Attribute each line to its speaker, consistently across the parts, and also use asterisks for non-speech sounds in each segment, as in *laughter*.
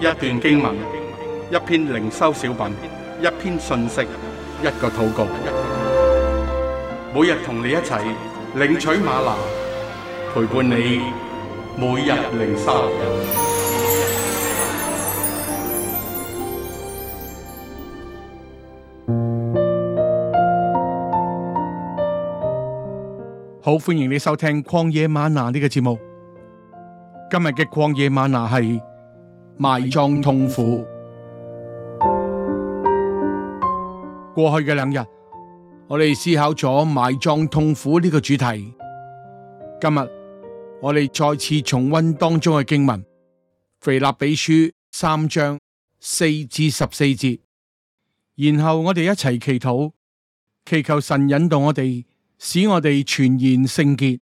Speaker 1: 一段經文，一篇靈修小品，一篇信息，一個禱告。每日同你一齊領取嗎哪，陪伴你每日靈修。好，歡迎你收聽《曠野嗎哪》呢個節目。今日嘅《曠野嗎哪》係，埋葬痛苦。過去嘅兩日，我哋思考咗埋葬痛苦呢個主題。今日我哋再次重溫當中嘅經文《腓立比書》三章四至十四節，然後我哋一齊祈禱，祈求神引導我哋，使我哋全然聖潔。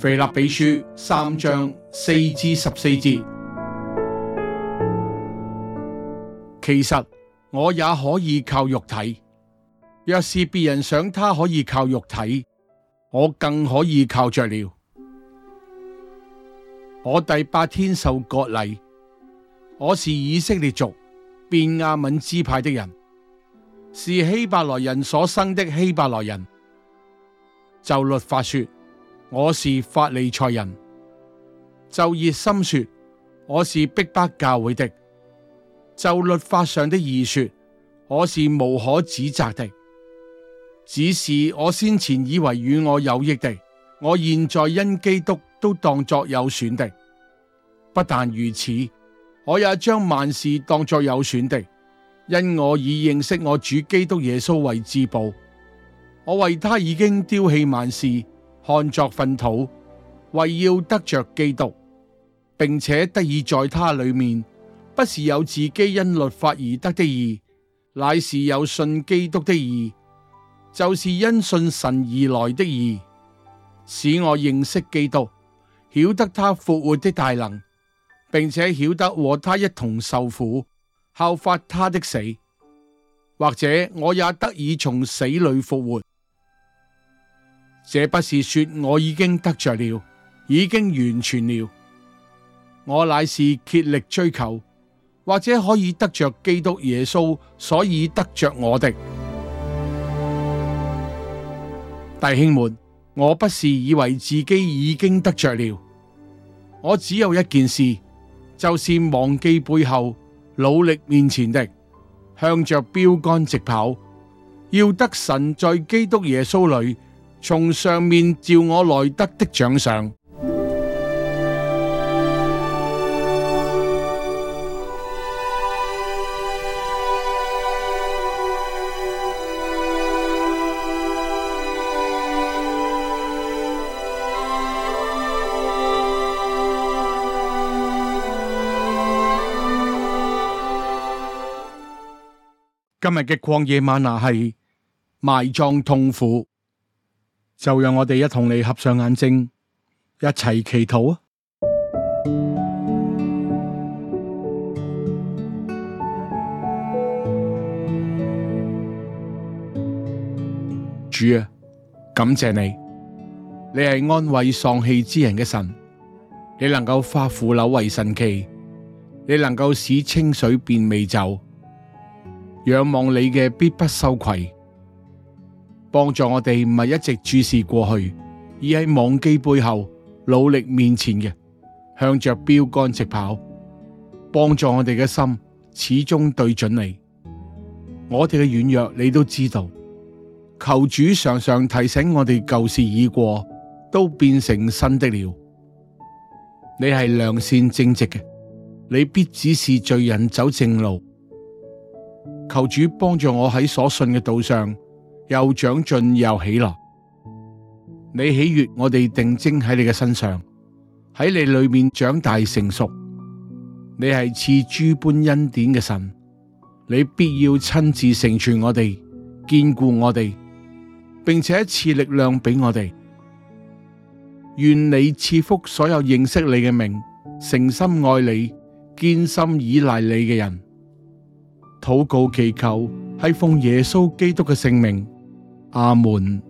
Speaker 1: 腓立比書三章四至十四節，其實我也可以靠肉體。若是別人想他可以靠肉體，我更可以靠着了。我第八天受割禮，我是以色列族，便雅憫支派的人，是希伯來人所生的希伯來人。就律法說。我是法利賽人，就熱心說我是逼迫教會的；就律法上的義說，我是無可指責的。只是我先前以為與我有益的，我現在因基督都當作有損的。不但如此，我也將萬事當作有損的，因我已認識我主基督耶穌為至寶。我為他已經丟棄萬事。看作糞土，為要得着基督，並且得以在他裏面，不是有自己因律法而得的義，乃是有信基督的義，就是因信神而來的義，使我認識基督，曉得他復活的大能，並且曉得和他一同受苦，效法他的死，或者我也得以從死裏復活。這不是說我已經得着了，已經完全了。我乃是竭力追求，或者可以得着基督耶穌，所以得着我的。弟兄們，我不是以為自己已經得着了，我只有一件事，就是忘記背後，努力面前的，向着標竿直跑，要得神在基督耶穌裏，從上面召我來得的獎賞。今日嘅曠野嗎哪，係埋葬痛苦。就讓我哋一同你合上眼睛，一齊祈禱啊！主啊，感謝你，你係安慰喪氣之人嘅神，你能夠化腐朽為神奇，你能夠使清水變美酒，仰望你嘅必不羞愧， *music* 幫助我哋唔係一直注視過去，而喺忘記背後，努力面前嘅，向着標杆直跑。幫助我哋嘅心始終對準你。我哋嘅軟弱你都知道，求主常常提醒我哋舊事已過，都變成新的了。你係良善正直嘅，你必指示罪人走正路。求主幫助我喺所信嘅道上。又長進又喜樂，你喜悅我哋定睛喺你嘅身上，喺你裏面長大成熟。你係賜諸般恩典嘅神，你必要親自成全我哋，堅固我哋，並且賜力量俾我哋。願你賜福所有認識你嘅名，誠心愛你、堅心依賴你嘅人。禱告祈求係奉耶穌基督嘅聖名。阿門。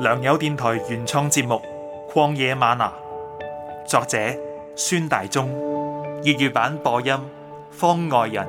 Speaker 1: 良友電台原創節目《曠野嗎哪》，作者孫大中，粵語版播音方外人。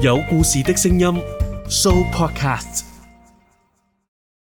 Speaker 1: 有故事的聲音，Show Podcast。